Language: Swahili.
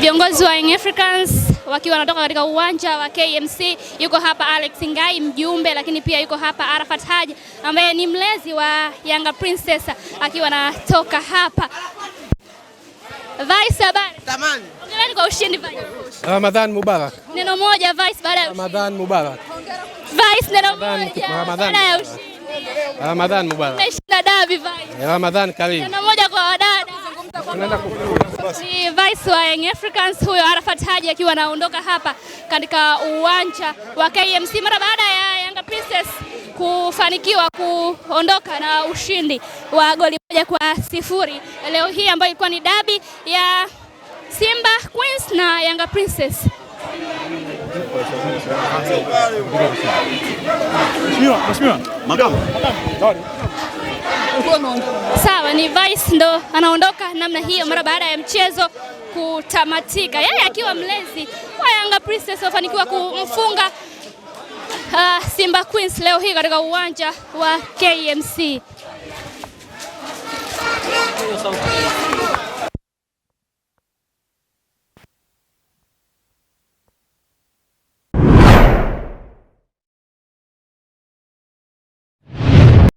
Viongozi wa Young Africans wakiwa wanatoka katika uwanja wa KMC, yuko hapa Alex Ngai mjumbe, lakini pia yuko hapa Arafat Haji ambaye ni mlezi wa Yanga Princess akiwa anatoka hapa. Vice habari? Tamani. Hongereni kwa ushindi Vice. Ramadhan Mubarak. Neno moja Vice baada ya Ramadhan Mubarak. Vice neno moja. Ramadhan Mubarak. Ramadhan Mubarak. Ramadhan Karim. Neno moja tunaenda ni Vice wa Young Africans huyo Arafat Haji akiwa anaondoka hapa katika uwanja wa KMC mara baada ya Yanga Princess kufanikiwa kuondoka na ushindi wa goli moja kwa sifuri leo hii ambayo ilikuwa ni dabi ya Simba Queens na Yanga Princess. Madam. Madam. Sawa, ni Vice ndo anaondoka namna hiyo mara baada ya mchezo kutamatika, yeye akiwa mlezi wa Yanga Princess wafanikiwa kumfunga uh, Simba Queens leo hii katika uwanja wa KMC.